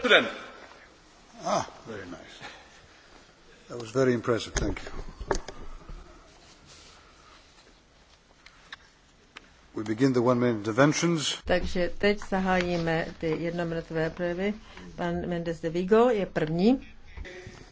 President. Ah, very nice. That was very impressive. Thank you. We begin the one minute interventions. Takže teď zahájíme ty jednominutové projevy. Pan Mendes de Vigo je první.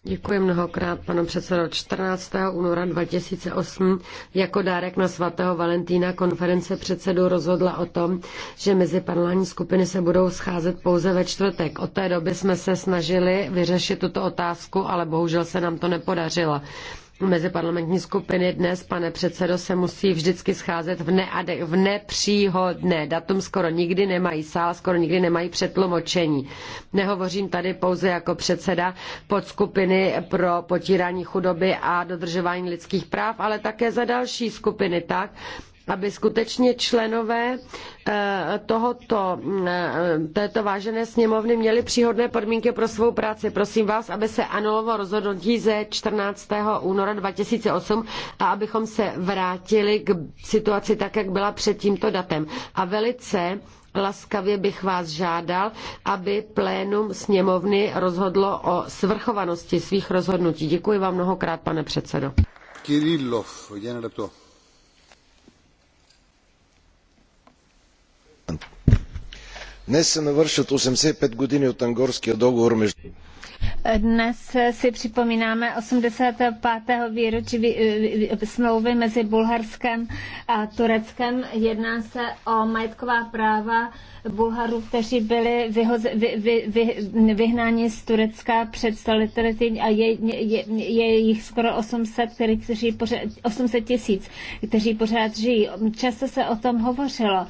Děkuji mnohokrát, panu předsedo. 14. února 2008 jako dárek na svatého Valentína konference předsedů rozhodla o tom, že mezi panelní skupiny se budou scházet pouze ve čtvrtek. Od té doby jsme se snažili vyřešit tuto otázku, ale bohužel se nám to nepodařilo meziparlamentní skupiny dnes, pane předsedo, se musí vždycky scházet v, neade, v nepříhodné datum, skoro nikdy nemají sál, skoro nikdy nemají přetlumočení. Nehovořím tady pouze jako předseda podskupiny pro potírání chudoby a dodržování lidských práv, ale také za další skupiny tak, aby skutečně členové eh, tohoto, mm, eh, této vážené sněmovny měli příhodné podmínky pro svou práci. Prosím vás, aby se anulovalo rozhodnutí ze 14. února 2008 a abychom se vrátili k situaci tak, jak byla před tímto datem. A velice laskavě bych vás žádal, aby plénum sněmovny rozhodlo o svrchovanosti svých rozhodnutí. Děkuji vám mnohokrát, pane předsedo. Kirillov, днес се навършват осемдесет и пет години от ангорския договор между dnes si připomínáme 85. výročí smlouvy mezi Bulharskem a Tureckem. Jedná se o majetková práva Bulharů, kteří byli vyhoze, vy, vy, vy, vyhnáni z Turecka před století a je, je, je jich skoro 800, který, kteří pořád, 800 tisíc, kteří pořád žijí. Často se o tom hovořilo,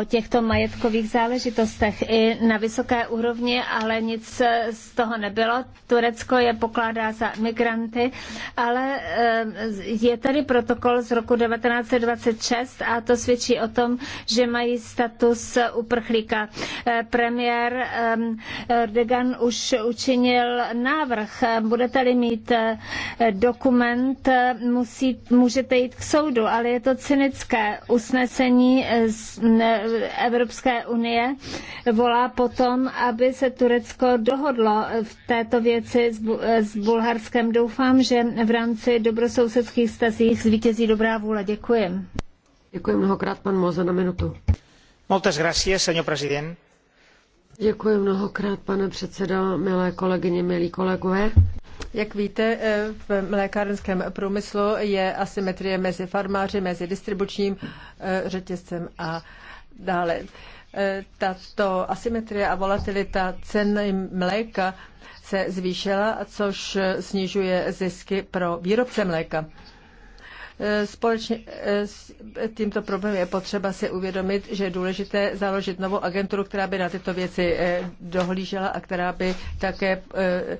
o těchto majetkových záležitostech i na vysoké úrovni, ale nic z toho nebylo bylo. Turecko je pokládá za migranty, ale eh, je tady protokol z roku 1926 a to svědčí o tom, že mají status uprchlíka. Eh, premiér eh, Erdogan už učinil návrh. Budete-li mít dokument, musí, můžete jít k soudu, ale je to cynické usnesení z Evropské unie volá potom, aby se Turecko dohodlo v té této věci s Bulharskem. Doufám, že v rámci dobrosousedských stazích zvítězí dobrá vůle. Děkuji. Děkuji mnohokrát, pan Moza, na minutu. Moltes gracias, señor president. Děkuji mnohokrát, pane předsedo, milé kolegyně, milí kolegové. Jak víte, eh, v mlékárenském průmyslu je asymetrie mezi farmáři, mezi distribučním eh, řetězcem a dále. Eh, tato asymetrie a volatilita cen mléka se zvýšila, což snižuje zisky pro výrobce mléka. Společně eh, s tímto problémem je potřeba si uvědomit, že je důležité založit novou agenturu, která by na tyto věci eh, dohlížela a která by také eh,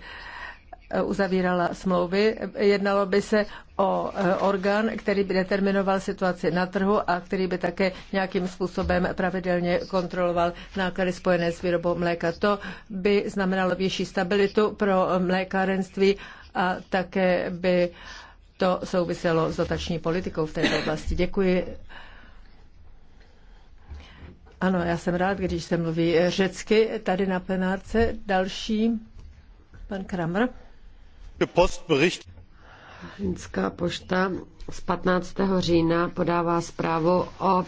uzavírala smlouvy. Jednalo by se o e, orgán, který by determinoval situaci na trhu a který by také nějakým způsobem pravidelně kontroloval náklady spojené s výrobou mléka. To by znamenalo větší stabilitu pro mlékárenství a také by to souviselo s dotační politikou v této oblasti. Děkuji. Ano, já jsem rád, když se mluví řecky tady na plenárce. Další, pan Kramer. Postbericht. Finská pošta z 15. října podává zprávu o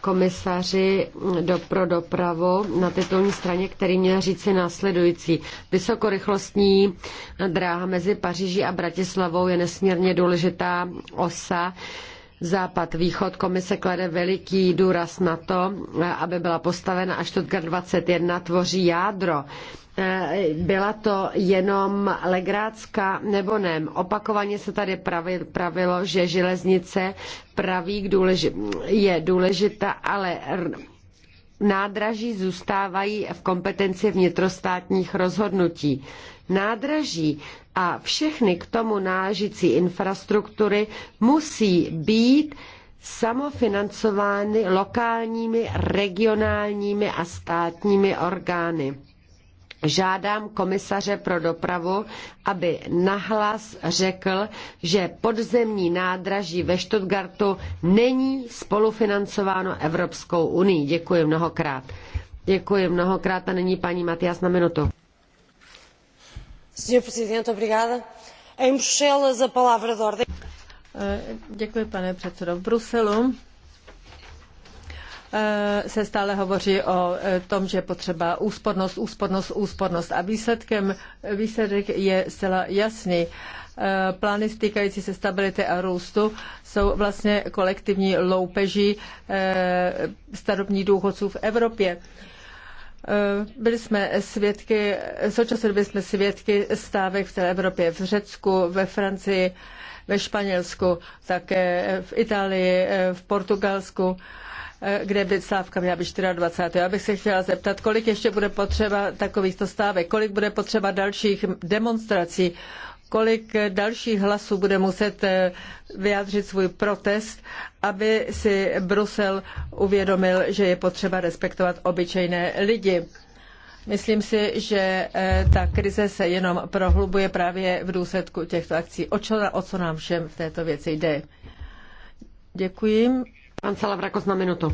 komisaři do, pro dopravu na titulní straně, který měl říci následující. Vysokorychlostní dráha mezi Paříží a Bratislavou je nesmírně důležitá osa Západ-východ komise klade veliký důraz na to, aby byla postavena a Stuttgart 21 tvoří jádro Eh, byla to jenom legrácka nebo ne. Opakovaně se tady pravilo, že železnice praví důleži, je důležitá, ale nádraží zůstávají v kompetenci vnitrostátních rozhodnutí. Nádraží a všechny k tomu náležící infrastruktury musí být samofinancovány lokálními, regionálními a státními orgány. Žádám komisaře pro dopravu, aby nahlas řekl, že podzemní nádraží ve Stuttgartu není spolufinancováno Evropskou unii. Děkuji mnohokrát. Děkuji mnohokrát a není paní Matias na minutu. Eh, děkuji, pane předsedo. V Bruselu Eh, se stále hovoří o eh, tom, že je potřeba úspornost, úspornost, úspornost. A výsledkem, výsledek je zcela jasný. Eh, plány stýkající se stability a růstu jsou vlastně kolektivní loupeží starobních důchodců v Evropě. Byli jsme svědky, v současné době jsme svědky stávek v celé Evropě, v Řecku, ve Francii, ve Španělsku, také v Itálii, v Portugalsku kde by stávka měla být 24. Já bych se chtěla zeptat, kolik ještě bude potřeba takovýchto stávek, kolik bude potřeba dalších demonstrací, kolik dalších hlasů bude muset eh, vyjádřit svůj protest, aby si Brusel uvědomil, že je potřeba respektovat obyčejné lidi. Myslím si, že eh, ta krize se jenom prohlubuje právě v důsledku těchto akcí. O co, o co nám všem v této věci jde? Děkuji. Pan Salavrakos na minutu.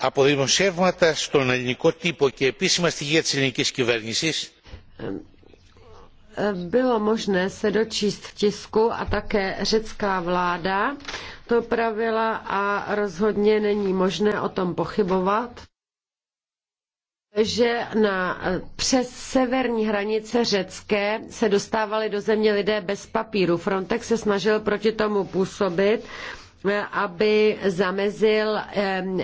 Από δημοσιεύματα στον ελληνικό τύπο και επίσημα στοιχεία της ελληνικής κυβέρνησης bylo možné se dočíst v tisku a také řecká vláda to pravila a rozhodně není možné o tom pochybovat, že na, e, přes severní hranice řecké se dostávali do země lidé bez papíru. Frontex se snažil proti tomu působit aby zamezil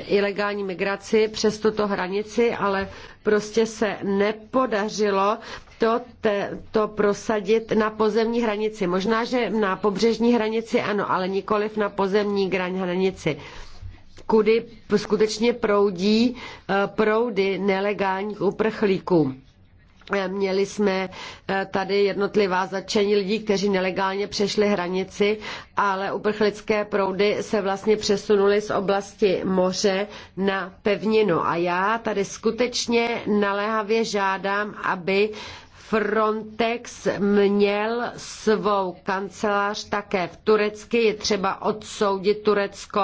ilegální migraci přes tuto hranici, ale prostě se nepodařilo to, te, to prosadit na pozemní hranici. Možná, že na pobřežní hranici ano, ale nikoliv na pozemní hranici kudy skutečně proudí e, proudy nelegálních uprchlíků. Měli jsme eh, tady jednotlivá začení lidí, kteří nelegálně přešli hranici, ale uprchlické proudy se vlastně přesunuly z oblasti moře na pevninu. A já tady skutečně naléhavě žádám, aby Frontex měl svou kancelář také v Turecky, je třeba odsoudit Turecko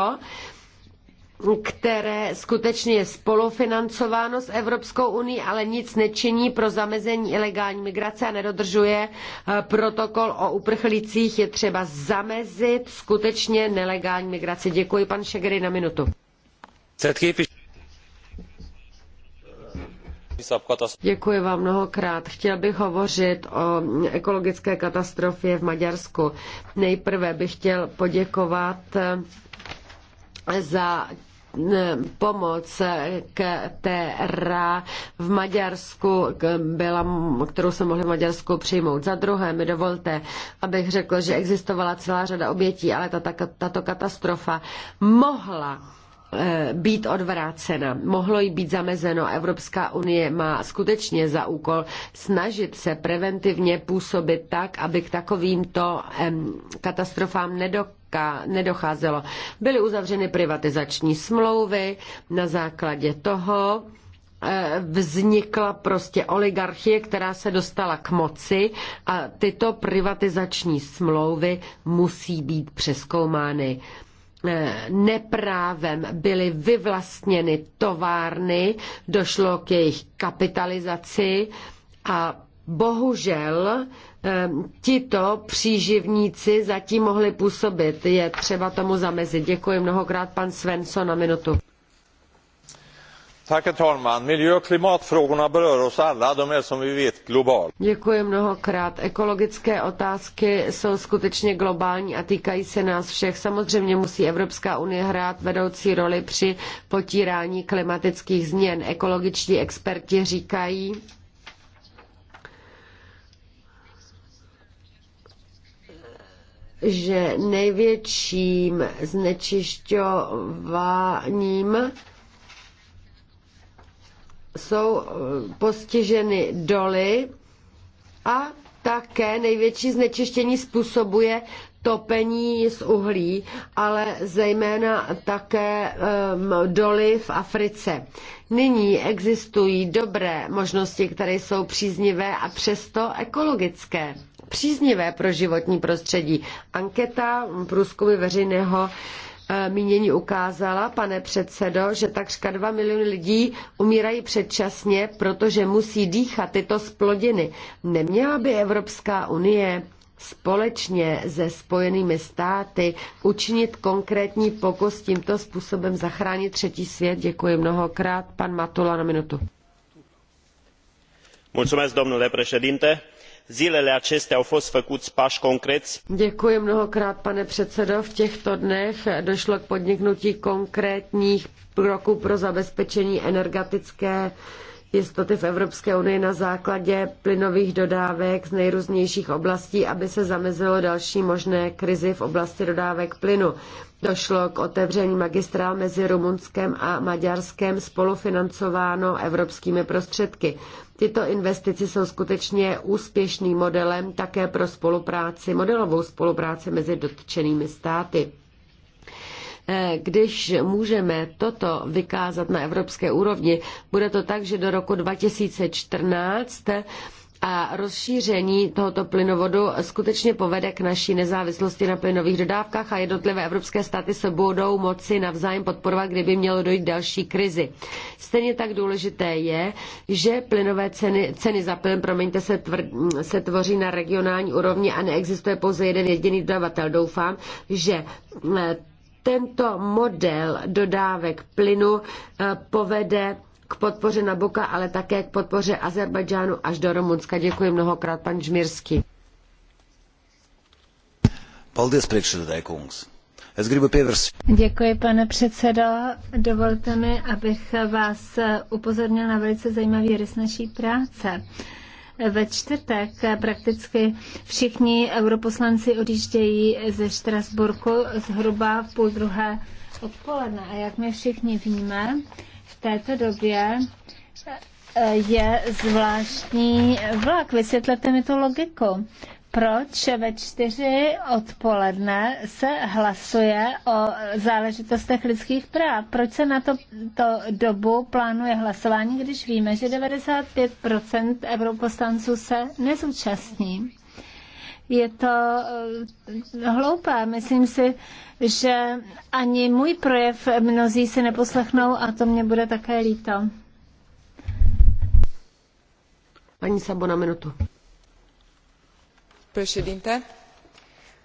které skutečně je spolufinancováno s Evropskou uní, ale nic nečiní pro zamezení ilegální migrace a nedodržuje eh, protokol o uprchlících. Je třeba zamezit skutečně nelegální migraci. Děkuji, pan Šegery, na minutu. Děkuji vám mnohokrát. Chtěl bych hovořit o ekologické katastrofě v Maďarsku. Nejprve bych chtěl poděkovat eh, za pomoc, která v Maďarsku byla, kterou se mohli v Maďarsku přijmout. Za druhé mi dovolte, abych řekl, že existovala celá řada obětí, ale tato katastrofa mohla eh, být odvrácena. Mohlo jí být zamezeno. Evropská unie má skutečně za úkol snažit se preventivně působit tak, aby k takovýmto katastrofám nedokonalo zkrátka nedocházelo. Byly uzavřeny privatizační smlouvy na základě toho, eh, vznikla prostě oligarchie, která se dostala k moci a tyto privatizační smlouvy musí být přeskoumány eh, neprávem byly vyvlastněny továrny, došlo k jejich kapitalizaci a Bohužel eh, tito příživníci zatím mohli působit. Je třeba tomu zamezit. Děkuji mnohokrát pan Svensson na minutu. Herr talman! Miljö och klimatfrågorna berör oss alla. De är som vi vet globala. Děkuji mnohokrát. Ekologické otázky jsou skutečně globální a týkají se nás všech. Samozřejmě musí Evropská unie hrát vedoucí roli při potírání klimatických změn. Ekologičtí experti říkají, že největším znečišťováním jsou eh, postiženy doly a také největší znečištění způsobuje topení z uhlí, ale zejména také um, doly v Africe. Nyní existují dobré možnosti, které jsou příznivé a přesto ekologické příznivé pro životní prostředí. Anketa průzkumy veřejného eh, mínění ukázala, pane předsedo, že takřka 2 miliony lidí umírají předčasně, protože musí dýchat tyto splodiny. Neměla by Evropská unie společně se spojenými státy učinit konkrétní pokus tímto způsobem zachránit třetí svět. Děkuji mnohokrát. Pan Matula na minutu. Mulțumesc, domnule președinte zilele acestea au fost făcui pai concrei. Děkuji mnohokrát, pane předsedo. V těchto dnech došlo k podniknutí konkrétních kroků pro zabezpečení energetické jistoty v Evropské unii na základě plynových dodávek z nejrůznějších oblastí, aby se zamezilo další možné krizi v oblasti dodávek plynu. Došlo k otevření magistrál mezi Rumunskem a Maďarskem spolufinancováno evropskými prostředky. Tyto investice jsou skutečně úspěšným modelem také pro spolupráci, modelovou spolupráci mezi dotčenými státy. Eh, když můžeme toto vykázat na evropské úrovni, bude to tak, že do roku 2014 a rozšíření tohoto plynovodu skutečně povede k naší nezávislosti na plynových dodávkách a jednotlivé evropské státy se budou moci navzájem podporovat, kdyby mělo dojít další krizi. Stejně tak důležité je, že plynové ceny, ceny za plyn, promiňte, se, tvr, se tvoří na regionální úrovni a neexistuje pouze jeden jediný dodavatel. Doufám, že eh, tento model dodávek plynu eh, povede k podpoře Nabuka, ale také k podpoře Azerbajdžánu až do Rumunska. Děkuji mnohokrát, pan Žmírský. předsedající. Děkuji, pane předsedo. Dovolte mi, abych vás upozornil na velice zajímavý rys naší práce. Ve čtvrtek prakticky všichni europoslanci odjíždějí ze Štrasburku zhruba v půl druhé odpoledne. A jak my všichni víme, této době e, je zvláštní vlak. Vysvětlete mi tu logiku. Proč ve čtyři odpoledne se hlasuje o záležitostech lidských práv? Proč se na to, to dobu plánuje hlasování, když víme, že 95 europoslanců se nezúčastní? je to eh, hloupé. Myslím si, že ani můj projev mnozí si neposlechnou a to mě bude také líto. Paní Sabo na minutu. Președinte,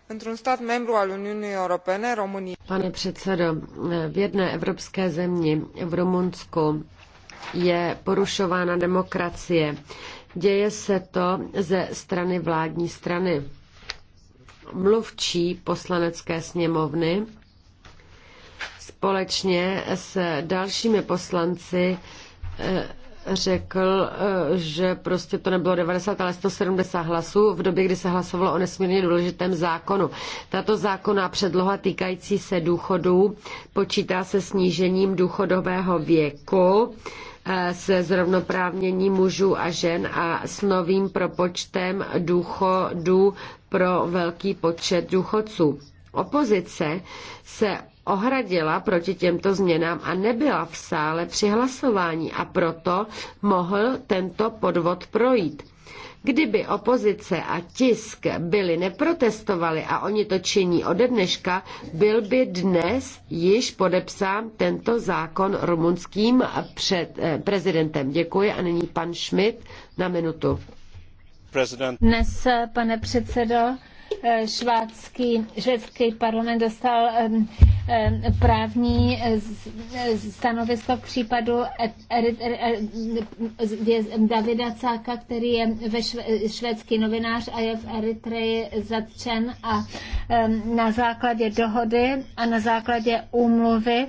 într-un stat membru al Uniunii Europene, România... Pane předsedo, v jedné evropské zemi, v Rumunsku, je porušována demokracie Děje se to ze strany vládní strany. Mluvčí poslanecké sněmovny společně s dalšími poslanci eh, řekl, eh, že prostě to nebylo 90, ale 170 hlasů v době, kdy se hlasovalo o nesmírně důležitém zákonu. Tato zákonná předloha týkající se důchodů počítá se snížením důchodového věku se zrovnoprávnění mužů a žen a s novým propočtem důchodů pro velký počet důchodců. Opozice se ohradila proti těmto změnám a nebyla v sále při hlasování a proto mohl tento podvod projít. Kdyby opozice a tisk byli neprotestovali a oni to činí ode dneška, byl by dnes již podepsán tento zákon rumunským před, eh, prezidentem. Děkuji a nyní pan Schmidt na minutu. President. Dnes, eh, pane předsedo, eh, švédský, parlament dostal um, Eh, právní eh, eh, stanovisko k případu Davida Cáka, který je ve švédský novinář a je v Eritreji zatčen a na základě dohody a na základě úmluvy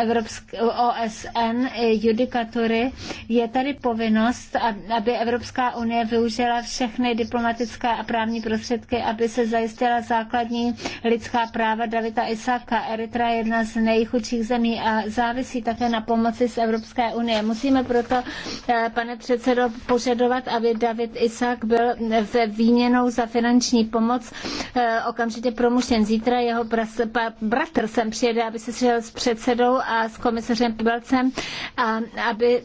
Evropské, OSN judikatury je tady povinnost, aby Evropská unie využila všechny diplomatické a právní prostředky, aby se zajistila základní lidská práva Davida Isaka velká Eritrea je jedna z nejchudších zemí a závisí také na pomoci z Evropské unie. Musíme proto, eh, pane předsedo, požadovat, aby David Isak byl ve výměnou za finanční pomoc eh, okamžitě promušen. Zítra jeho bratr sem přijede, aby se šel s předsedou a s komisařem Pibelcem a aby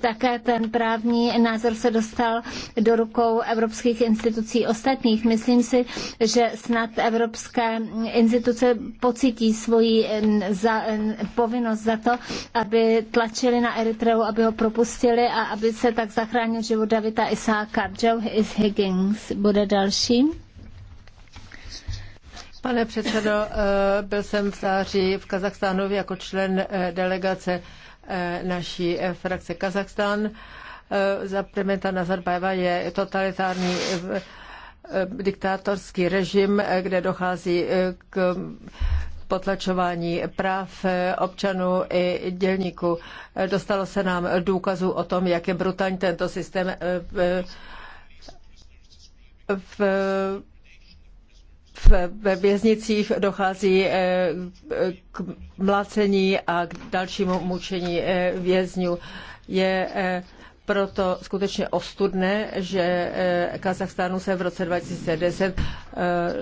také ten právní názor se dostal do rukou evropských institucí ostatních. Myslím si, že snad evropské instituce pocítí cítí svoji za, povinnost za to, aby tlačili na Eritreu, aby ho propustili a aby se tak zachránil život Davida Isáka. Joe is Higgins bude další. Pane předsedo, eh, byl jsem v září v Kazachstánu jako člen eh, delegace eh, naší frakce Kazachstán. Za premiéra Nazarbajeva je totalitární diktátorský režim, kde dochází k potlačování práv eh, občanů i dělníků. Eh, dostalo se nám důkazů o tom, jak je brutální tento systém eh, v ve věznicích dochází k mlácení a k dalšímu mučení vězňů. Je proto skutečně ostudné, že eh, Kazachstánu se v roce 2010 eh,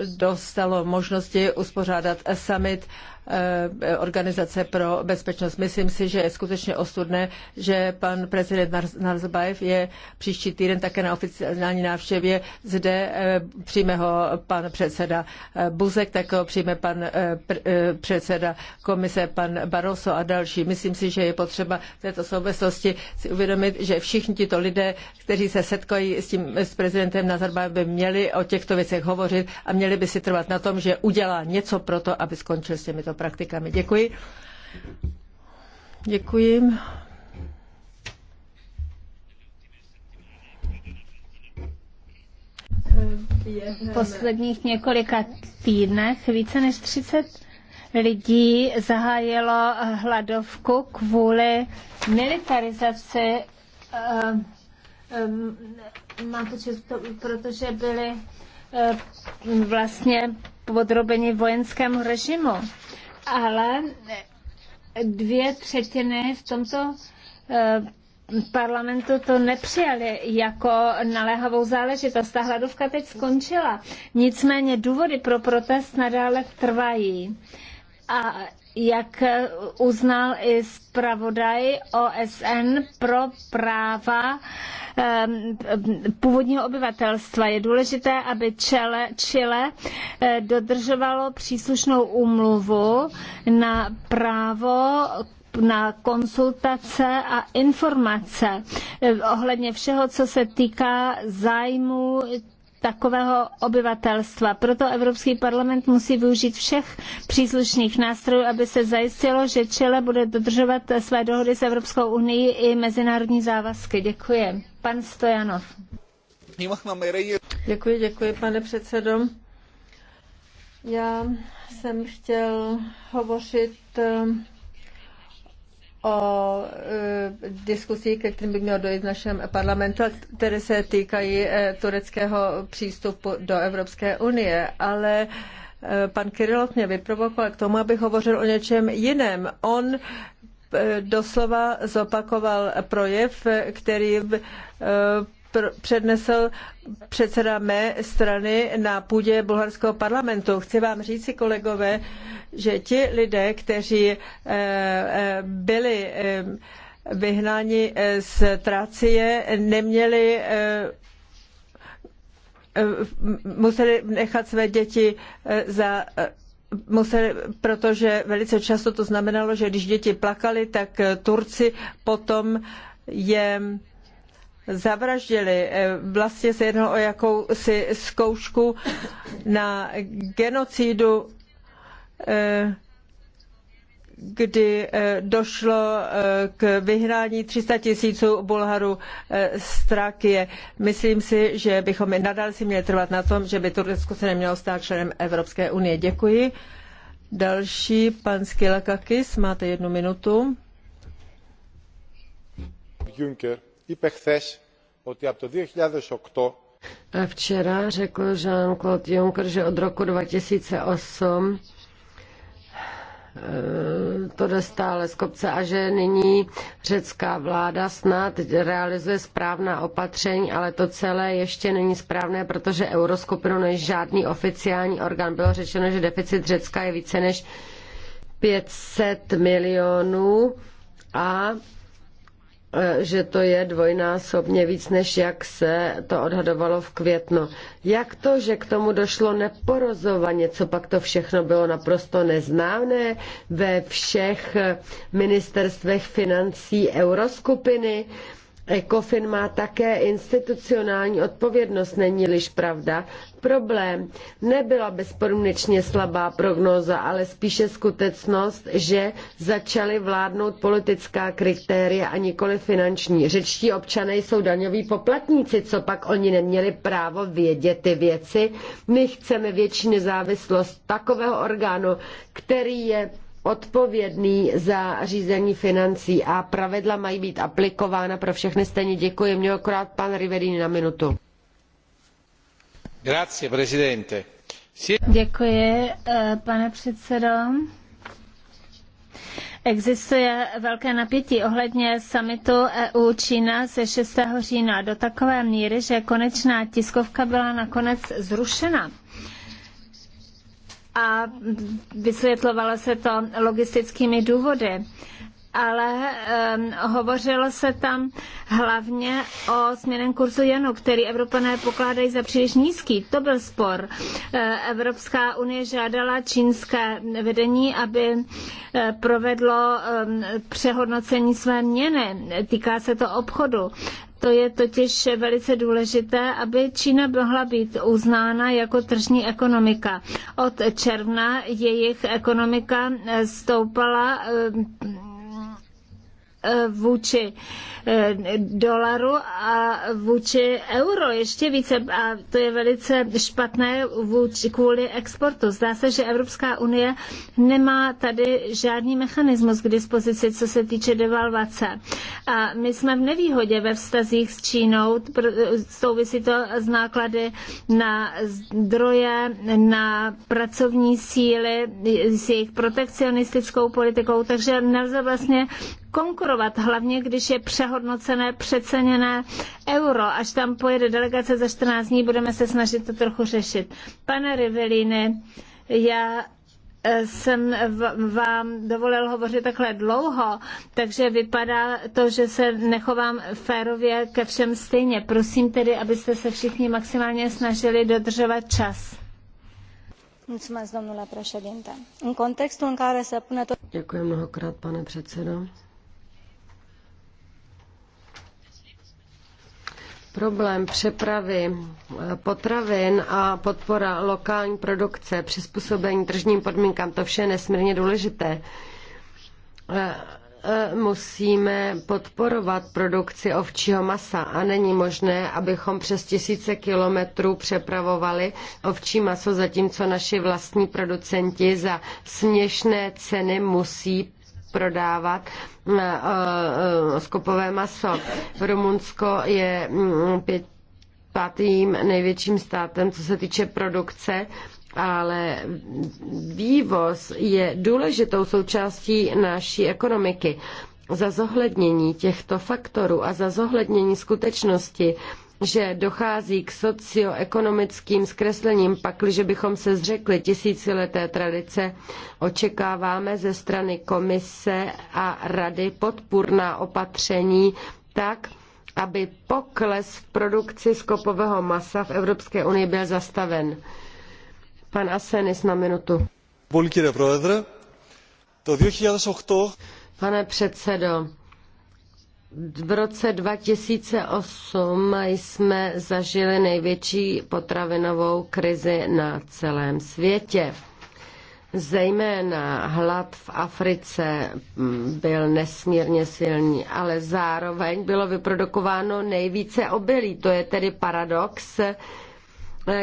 dostalo možnosti uspořádat summit Eh, organizace pro bezpečnost. Myslím si, že je skutečně ostudné, že pan prezident Nazarbayev je příští týden také na oficiální návštěvě. Zde eh, přijme ho pan předseda eh, Buzek, tak ho přijme pan předseda komise, pan Barroso a další. Myslím si, že je potřeba v této souvislosti si uvědomit, že všichni tito lidé, kteří se setkají s, tím, s prezidentem Nazarbayev, by měli o těchto věcech hovořit a měli by si trvat na tom, že udělá něco pro to, aby skončil s těmito těmito praktikami. Děkuji. Děkuji. V posledních několika týdnech více než 30 lidí zahájilo hladovku kvůli militarizaci mám eh, eh, to čest, protože byly Eh, vlastně podrobeni vojenskému režimu. Ale dvě třetiny v tomto eh, parlamentu to nepřijali jako naléhavou záležitost. Ta hladovka teď skončila. Nicméně důvody pro protest nadále trvají. A jak eh, uznal i zpravodaj OSN pro práva ehm, původního obyvatelstva. Je důležité, aby Chile, eh, dodržovalo příslušnou úmluvu na právo na konsultace a informace eh, ohledně všeho, co se týká zájmu takového obyvatelstva. Proto Evropský parlament musí využít všech příslušných nástrojů, aby se zajistilo, že Chile bude dodržovat své dohody s Evropskou unii i mezinárodní závazky. Děkuji. Pan Stojanov. Děkuji, děkuji, pane předsedo. Já jsem chtěl hovořit eh, o e, diskusích, ke kterým by měl dojít v našem parlamentu, které se týkají e, tureckého přístupu do Evropské unie, ale e, pan Kirilov mě vyprovokoval k tomu, aby hovořil o něčem jiném. On e, doslova zopakoval projev, který e, přednesl předseda mé strany na půdě bulharského parlamentu. Chci vám říci, kolegové, že ti lidé, kteří eh, eh, byli eh, vyhnáni z Trácie, neměli museli nechat své děti za museli, protože velice často to znamenalo, že když děti plakaly, tak Turci potom je zavraždili. Eh, vlastně se jednalo o jakousi zkoušku na genocidu, eh, kdy eh, došlo k vyhrání 300 tisíců Bulharů z Trakie. Myslím si, že bychom nadále si měli trvat na tom, že by Turecko se nemělo stát členem Evropské unie. Děkuji. Další, pan Skilakakis, máte jednu minutu. Juncker είπε χθε ότι από το 2008 Včera řekl Jean-Claude Juncker, že od roku 2008 eh, to jde stále z kopce a že nyní řecká vláda snad realizuje správná opatření, ale to celé ještě není správné, protože euroskupinu není žádný oficiální orgán bylo řečeno, že deficit Řecka je více než 500 milionů a Eh, že to je dvojnásobně víc, než jak se to odhadovalo v květnu. Jak to, že k tomu došlo neporozovaně, co pak to všechno bylo naprosto neznámé ve všech eh, ministerstvech financí euroskupiny? ECOFIN má také institucionální odpovědnost, není-liž pravda. Problém nebyla bezpodmínečně slabá prognóza, ale spíše skutečnost, že začaly vládnout politická kritéria a nikoli finanční. Řečtí občané jsou daňoví poplatníci, co pak oni neměli právo vědět ty věci. My chceme větší nezávislost takového orgánu, který je odpovědný za řízení financí a pravidla mají být aplikována pro všechny stejně. Děkuji mnohokrát pan Riverini na minutu. Grazie, presidente. Děkuji, eh, pane předsedo. Existuje velké napětí ohledně summitu EU Čína ze 6. října do takové míry, že konečná tiskovka byla nakonec zrušena a vysvětlovalo se to logistickými důvody ale um, hovořilo se tam hlavně o směrném kurzu jenu, který Evropané pokládají za příliš nízký. To byl spor. Eh, Evropská unie žádala čínské vedení, aby eh, provedlo um, přehodnocení své měny. Týká se to obchodu. To je totiž velice důležité, aby Čína mohla být uznána jako tržní ekonomika. Od června jejich ekonomika stoupala eh, Eh, vůči eh, dolaru a vůči euro ještě více a to je velice špatné vůči, kvůli exportu. Zdá se, že Evropská unie nemá tady žádný mechanismus k dispozici, co se týče devalvace. A my jsme v nevýhodě ve vztazích s Čínou, souvisí to s náklady na zdroje, na pracovní síly, s jejich protekcionistickou politikou, takže nelze vlastně konkurovat, hlavně když je přehodnocené, přeceněné euro. Až tam pojede delegace za 14 dní, budeme se snažit to trochu řešit. Pane Rivelíny, já eh, jsem vám dovolil hovořit takhle dlouho, takže vypadá to, že se nechovám férově ke všem stejně. Prosím tedy, abyste se všichni maximálně snažili dodržovat čas. Děkuji mnohokrát, pane předsedo. Problém přepravy eh, potravin a podpora lokální produkce, přizpůsobení tržním podmínkám, to vše je nesmírně důležité eh, eh, musíme podporovat produkci ovčího masa a není možné, abychom přes tisíce kilometrů přepravovali ovčí maso, zatímco naši vlastní producenti za směšné ceny musí prodávat eh, eh, skopové maso. V Rumunsko je mm, pět, pátým největším státem, co se týče produkce ale vývoz je důležitou součástí naší ekonomiky. Za zohlednění těchto faktorů a za zohlednění skutečnosti, že dochází k socioekonomickým zkreslením, pakliže bychom se zřekli tisícileté tradice, očekáváme ze strany komise a rady podpůrná opatření tak, aby pokles v produkci skopového masa v Evropské unii byl zastaven. Pan Asenis na minutu. Pane předsedo, v roce 2008 jsme zažili největší potravinovou krizi na celém světě. Zejména hlad v Africe mm, byl nesmírně silný, ale zároveň bylo vyprodukováno nejvíce obilí. To je tedy paradox,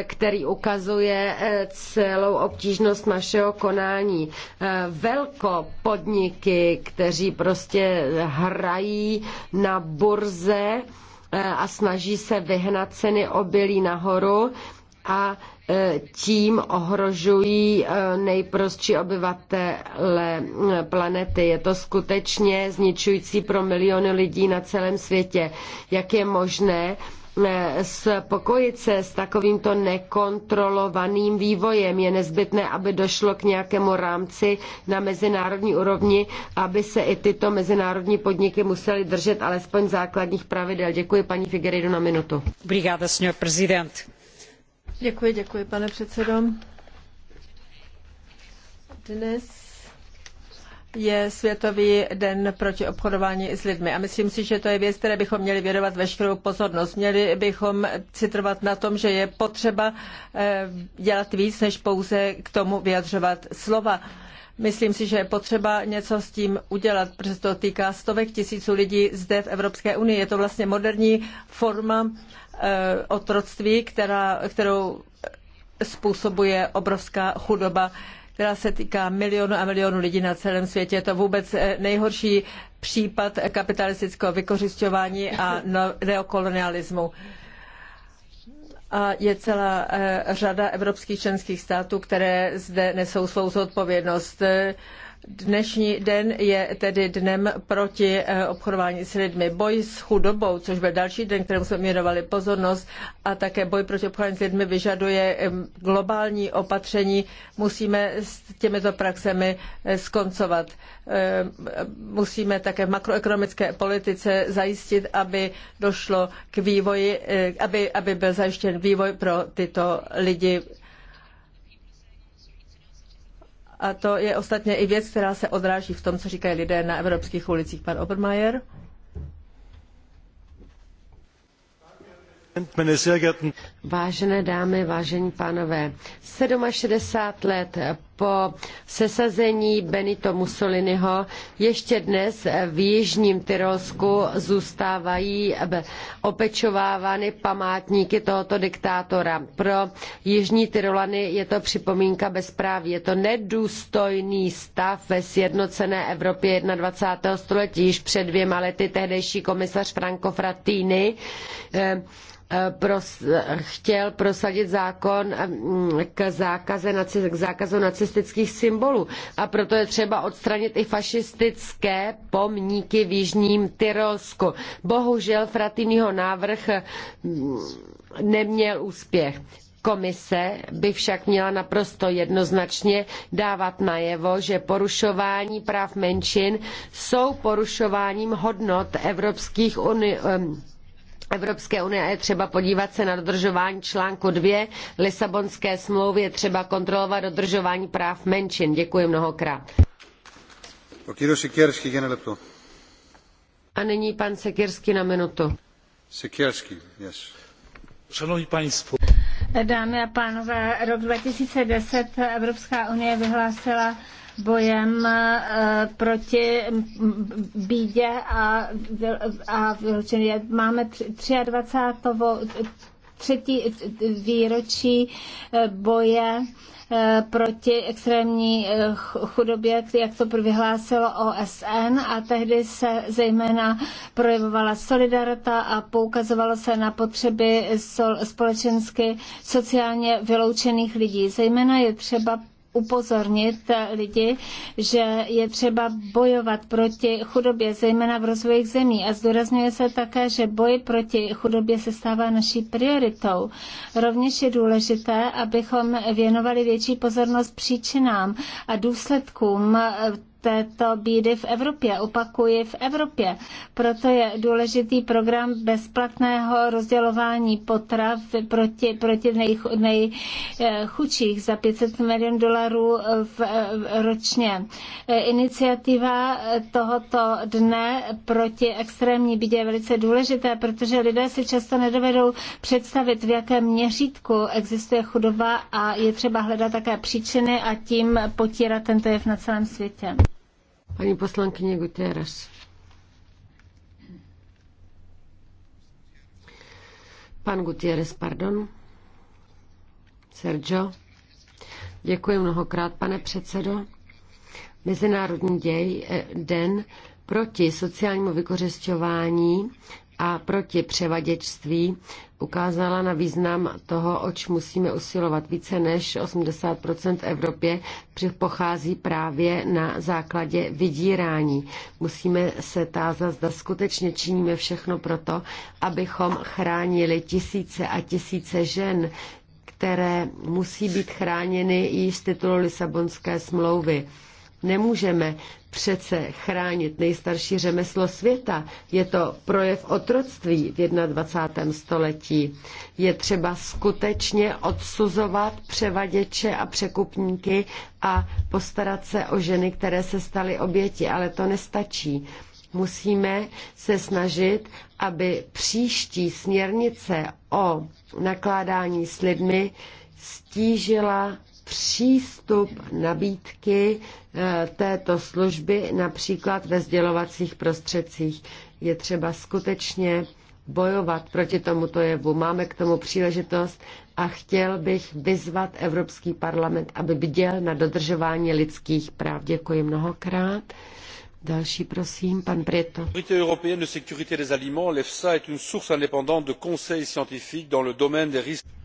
který ukazuje eh, celou obtížnost našeho konání. Eh, velkopodniky, kteří prostě hrají na burze eh, a snaží se vyhnat ceny obilí nahoru a tím ohrožují nejprostší obyvatele planety. Je to skutečně zničující pro miliony lidí na celém světě. Jak je možné, Eh, spokojit se s takovýmto nekontrolovaným vývojem. Je nezbytné, aby došlo k nějakému rámci na mezinárodní úrovni, aby se i tyto mezinárodní podniky musely držet alespoň základních pravidel. Děkuji paní Figueiredo na minutu. Obrigada, senhor presidente. Děkuji, děkuji, pane předsedo. Dnes je Světový den proti obchodování s lidmi. A myslím si, že to je věc, které bychom měli věnovat veškerou pozornost. Měli bychom citrovat na tom, že je potřeba eh, dělat víc, než pouze k tomu vyjadřovat slova. Myslím si, že je potřeba něco s tím udělat, protože to týká stovek tisíců lidí zde v Evropské unii. Je to vlastně moderní forma eh, otroctví, která, kterou způsobuje obrovská chudoba která se týká milionů a milionů lidí na celém světě. Je to vůbec eh, nejhorší případ kapitalistického vykořišťování a no, neokolonialismu. A je celá eh, řada evropských členských států, které zde nesou svou zodpovědnost. odpovědnost Dnešní den je tedy dnem proti eh, obchodování s lidmi. Boj s chudobou, což byl další den, kterému jsme měnovali pozornost, a také boj proti obchodování s lidmi vyžaduje globální opatření. Musíme s těmito praxemi eh, skoncovat. Eh, musíme také v makroekonomické politice zajistit, aby došlo k vývoji, aby, aby byl zajištěn vývoj pro tyto lidi a to je ostatně i věc, která se odráží v tom, co říkají lidé na evropských ulicích. Pan Obermeier. Vážené dámy, vážení pánové, 67 let po sesazení Benito Mussoliniho ještě dnes v Jižním Tyrolsku zůstávají opečovávány památníky tohoto diktátora. Pro Jižní Tyrolany je to připomínka bezpráví. Je to nedůstojný stav ve sjednocené Evropě 21. století. Již před dvěma lety tehdejší komisař Franco Frattini eh, eh, eh, chtěl prosadit zákon mm, k, zákaze, k zákazu fašistických symbolů. A proto je třeba odstranit i fašistické pomníky v Jižním Tyrolsku. Bohužel fratinýho návrh mm, neměl úspěch. Komise by však měla naprosto jednoznačně dávat najevo, že porušování práv menšin jsou porušováním hodnot Evropských unii Evropské unie je třeba podívat se na dodržování článku 2 Lisabonské smlouvy, je třeba kontrolovat dodržování práv menšin. Děkuji mnohokrát. A nyní pan Sekirsky na minutu. Sekirsky, yes. paní Państwo. Dámy a pánové, rok 2010 Evropská unie vyhlásila bojem eh, proti bídě a, a Máme 23. třetí výročí eh, boje eh, proti extrémní chudobě, jak to vyhlásilo OSN a tehdy se zejména projevovala solidarita a poukazovalo se na potřeby společensky sociálně vyloučených lidí. Zejména je třeba upozornit lidi, že je třeba bojovat proti chudobě, zejména v rozvojích zemí. A zdůrazňuje se také, že boj proti chudobě se stává naší prioritou. Rovněž je důležité, abychom věnovali větší pozornost příčinám a důsledkům této bídy v Evropě. Opakuji v Evropě. Proto je důležitý program bezplatného rozdělování potrav proti, proti nej, za 500 milion dolarů v, ročně. Iniciativa tohoto dne proti extrémní bídě je velice důležité, protože lidé si často nedovedou představit, v jakém měřítku existuje chudoba a je třeba hledat také příčiny a tím potírat tento jev na celém světě. Paní poslankyně Gutierrez. Pan Gutierrez, pardon. Sergio. Děkuji mnohokrát, pane předsedo. Mezinárodní děj, eh, den proti sociálnímu vykořišťování a proti převaděčství ukázala na význam toho, oč musíme usilovat. Více než 80 v Evropě pochází právě na základě vydírání. Musíme se tázat, zda skutečně činíme všechno proto, abychom chránili tisíce a tisíce žen, které musí být chráněny již z titulu Lisabonské smlouvy. Nemůžeme přece chránit nejstarší řemeslo světa. Je to projev otroctví v 21. století. Je třeba skutečně odsuzovat převaděče a překupníky a postarat se o ženy, které se staly oběti, ale to nestačí. Musíme se snažit, aby příští směrnice o nakládání s lidmi stížila přístup nabídky eh, této služby například ve sdělovacích prostředcích. Je třeba skutečně bojovat proti tomuto jevu. Máme k tomu příležitost a chtěl bych vyzvat Evropský parlament, aby bděl na dodržování lidských práv. Děkuji mnohokrát. Další, prosím, pan Prieto. L'autorité européenne de sécurité des aliments, l'EFSA, est une source indépendante de conseils scientifiques dans le domaine des risques.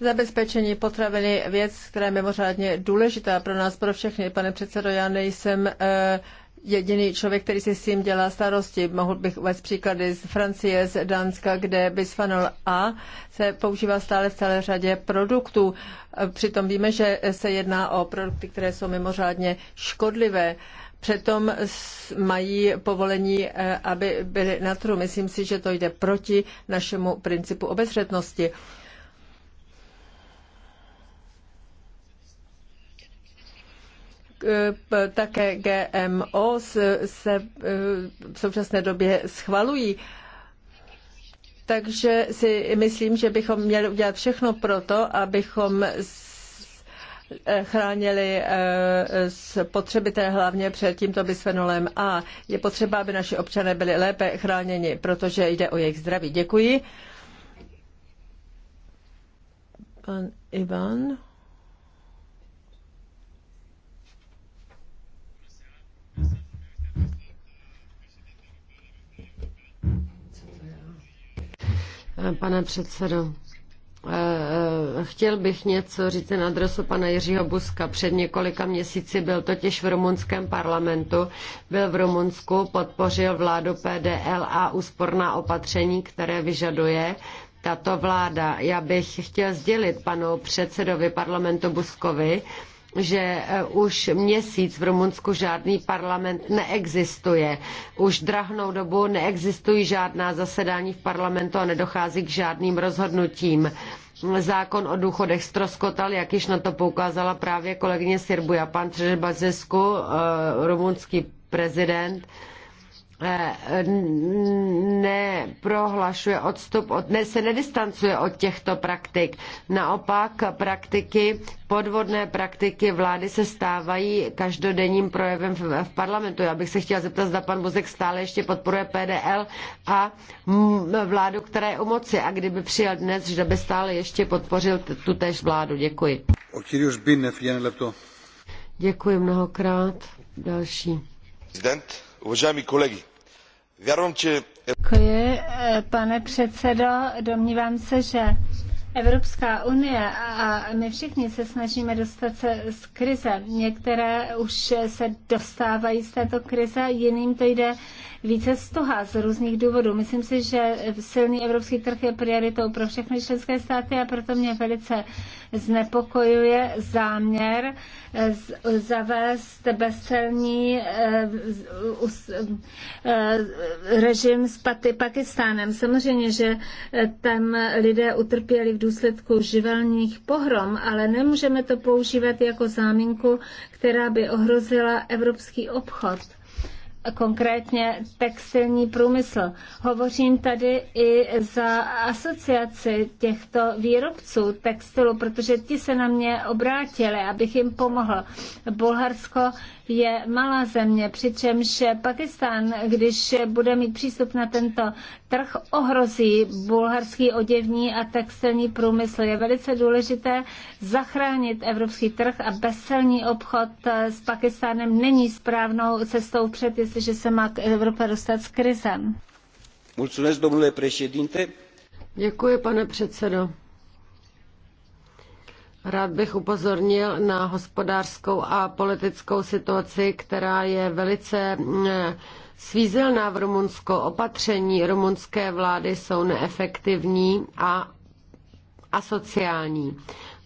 Zabezpečení potraviny je věc, která je mimořádně důležitá pro nás, pro všechny. Pane předsedo, já nejsem eh, jediný člověk, který si s tím dělá starosti. Mohl bych uvést příklady z Francie, z Dánska, kde bisphenol A se používá stále v celé řadě produktů. Eh, přitom víme, že se jedná o produkty, které jsou mimořádně škodlivé. Přitom mají povolení, eh, aby byly na trhu. Myslím si, že to jde proti našemu principu obezřetnosti. Eh, také GMO se eh, v současné době schvalují. Takže si myslím, že bychom měli udělat všechno pro to, abychom eh, chránili spotřebitele hlavně před tímto bisfenolem A. Je potřeba, aby naši občané byli lépe chráněni, protože jde o jejich zdraví. Děkuji. Pan Ivan. Pane předsedo, eh, eh, Chtěl bych něco říct na adresu pana Jiřího Buska. Před několika měsíci byl totiž v rumunském parlamentu, byl v Rumunsku, podpořil vládu PDL a úsporná opatření, které vyžaduje tato vláda. Já bych chtěl sdělit panu předsedovi parlamentu Buskovi, že eh, už měsíc v Rumunsku žádný parlament neexistuje. Už drahnou dobu neexistují žádná zasedání v parlamentu a nedochází k žádným rozhodnutím. Zákon o důchodech stroskotal, jak již na to poukázala právě kolegyně Sirbuja. Pan Třežbazesku, eh, rumunský prezident, Eh, neprohlašuje odstup, od, ne, se nedistancuje od těchto praktik. Naopak praktiky, podvodné praktiky vlády se stávají každodenním projevem v, v parlamentu. Já bych se chtěla zeptat, zda pan Buzek stále ještě podporuje PDL a vládu, která je u moci. A kdyby přijal dnes, že by stále ještě podpořil též vládu. Děkuji. Děkuji mnohokrát. Další. Prezident Уважаеми колеги, Věřím, že... Děkuji, eh, pane předsedo. Domnívám se, že Evropská unie a my všichni se snažíme dostat se z krize. Některé už se dostávají z této krize, jiným to jde více toho z různých důvodů. Myslím si, že silný evropský trh je prioritou pro všechny členské státy a proto mě velice znepokojuje záměr eh, zavést bezcelní eh, eh, režim s Pakistánem. Samozřejmě, že tam lidé utrpěli v důsledku živelních pohrom, ale nemůžeme to používat jako záminku, která by ohrozila evropský obchod konkrétně textilní průmysl. Hovořím tady i za asociaci těchto výrobců textilu, protože ti se na mě obrátili, abych jim pomohl. Bulharsko je malá země, přičemž Pakistán, když bude mít přístup na tento trh, ohrozí bulharský oděvní a textilní průmysl. Je velice důležité zachránit evropský trh a bezcelní obchod s Pakistánem není správnou cestou před, jestliže se má Evropa dostat z krize. Děkuji, pane předsedo. Rád bych upozornil na hospodářskou a politickou situaci, která je velice mm, svízelná v Rumunsku. Opatření rumunské vlády jsou neefektivní a asociální.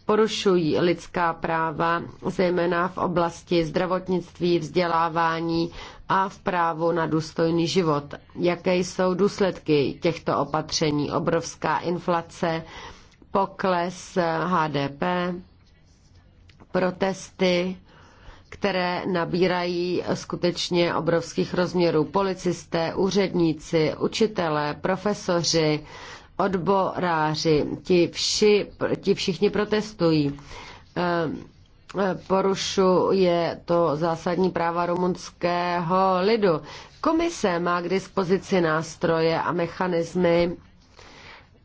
Porušují lidská práva, zejména v oblasti zdravotnictví, vzdělávání a v právu na důstojný život. Jaké jsou důsledky těchto opatření? Obrovská inflace, pokles HDP, protesty, které nabírají skutečně obrovských rozměrů. Policisté, úředníci, učitelé, profesoři, odboráři, ti, vši, ti všichni protestují. Porušuje to zásadní práva rumunského lidu. Komise má k dispozici nástroje a mechanismy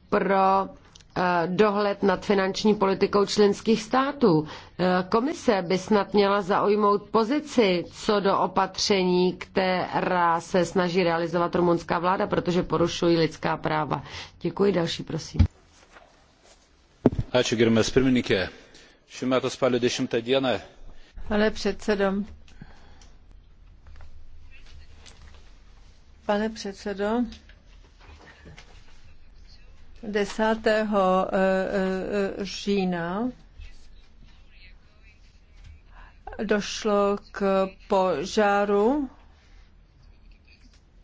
pro Eh, dohled nad finanční politikou členských států. Eh, komise by snad měla zaujmout pozici co do opatření, která se snaží realizovat rumunská vláda, protože porušují lidská práva. Děkuji, další prosím. Ačiū, gerbiamas pirmininkė. Šių metų spalio 10 dieną. Pane předsedo. Pane předsedo. 10. Eh, eh, října došlo k požáru.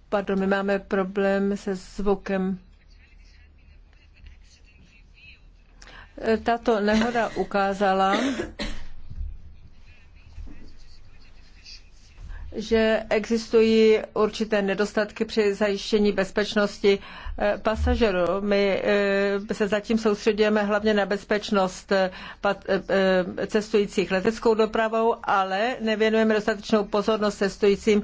Pardon, my máme problém se zvukem. Tato nehoda ukázala, že existují určité nedostatky při zajištění bezpečnosti eh, pasažerů. My eh, se zatím soustředujeme hlavně na bezpečnost eh, cestujících leteckou dopravou, ale nevěnujeme dostatečnou pozornost cestujícím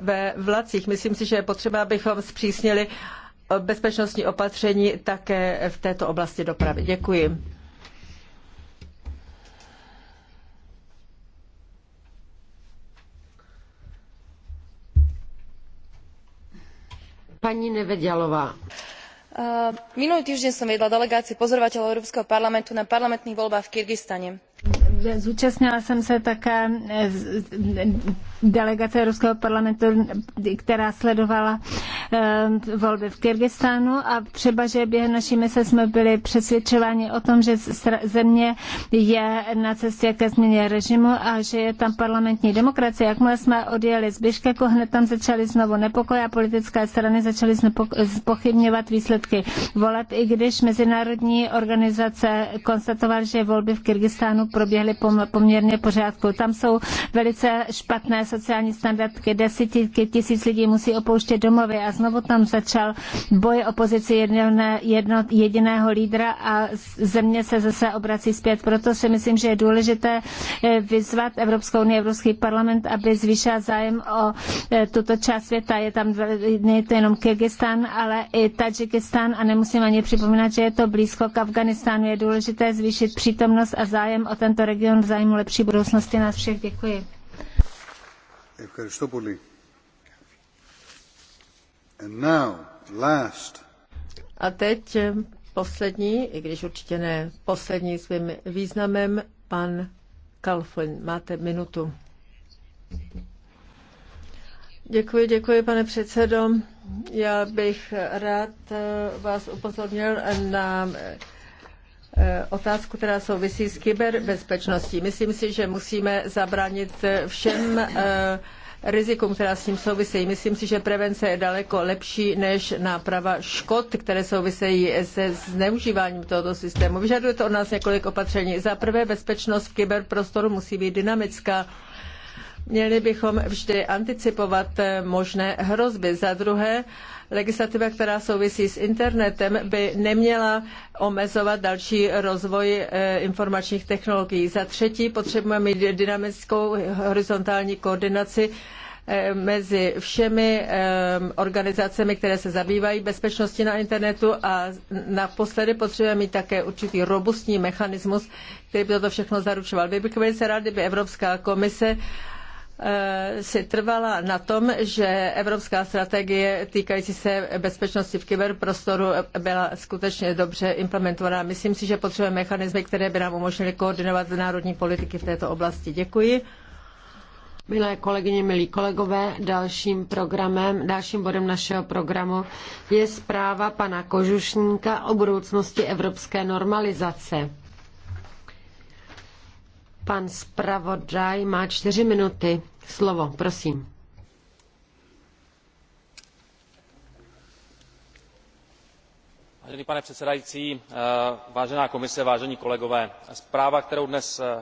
ve vlacích. Myslím si, že je potřeba, abychom zpřísnili bezpečnostní opatření také v této oblasti dopravy. Děkuji. Paní Nevedělová. Uh, minulý týždeň som viedla delegáciu pozorovateľov Európskeho parlamentu na parlamentných voľbách v Kyrgyzstane. Zúčastnila jsem se také eh, delegace Ruského parlamentu, která sledovala eh, volby v Kyrgyzstánu a třeba, že během naší mise jsme byli přesvědčováni o tom, že země je na cestě ke změně režimu a že je tam parlamentní demokracie. Jakmile jsme odjeli z Biškeku, hned tam začaly znovu nepokoje a politické strany začaly pochybňovat výsledky voleb, i když mezinárodní organizace konstatovaly, že volby v Kyrgyzstánu proběhly poměrně pořádku. Tam jsou velice špatné sociální standardky, desítky tisíc lidí musí opouštět domovy a znovu tam začal boj o pozici jedné, jedno, jediného lídra a země se zase obrací zpět. Proto si myslím, že je důležité eh, vyzvat Evropskou unii, Evropský parlament, aby zvýšil zájem o eh, tuto část světa. Je tam není to jenom Kyrgyzstan, ale i Tadžikistán a nemusím ani připomínat, že je to blízko k Afganistánu. Je důležité zvýšit přítomnost a zájem o tento region v zájmu lepší budoucnosti nás všech. Děkuji. Ευχαριστώ πολύ. And now, last. A teď eh, poslední, i když určitě ne poslední svým významem, pan Kalfin. Máte minutu. Děkuji, děkuji, pane předsedo. Já bych rád eh, vás upozornil na Eh, otázku, která souvisí s kyberbezpečností. Myslím si, že musíme zabránit všem eh, rizikům, která s tím souvisejí. Myslím si, že prevence je daleko lepší než náprava škod, které souvisejí se zneužíváním tohoto systému. Vyžaduje to od nás několik opatření. Za prvé, bezpečnost v kyberprostoru musí být dynamická Měli bychom vždy anticipovat eh, možné hrozby. Za druhé, legislativa, která souvisí s internetem, by neměla omezovat další rozvoj eh, informačních technologií. Za třetí, potřebujeme mít dynamickou horizontální koordinaci eh, mezi všemi organizacemi, které se zabývají bezpečností na internetu a naposledy potřebujeme mít také určitý robustní mechanismus, který by toto všechno zaručoval. Bych velice rád, kdyby Evropská komise Eh, si trvala na tom, že evropská strategie týkající se bezpečnosti v kyberprostoru byla skutečně dobře implementovaná. Myslím si, že potřebujeme mechanismy, které by nám umožnily koordinovat národní politiky v této oblasti. Děkuji. Milé kolegyně, milí kolegové, dalším programem, dalším bodem našeho programu je zpráva pana Kožušníka o budoucnosti evropské normalizace. Pan zpravodaj má čtyři minuty. Slovo, prosím. vážený pane předsedající eh, vážená komise vážení kolegové zpráva kterou dnes eh,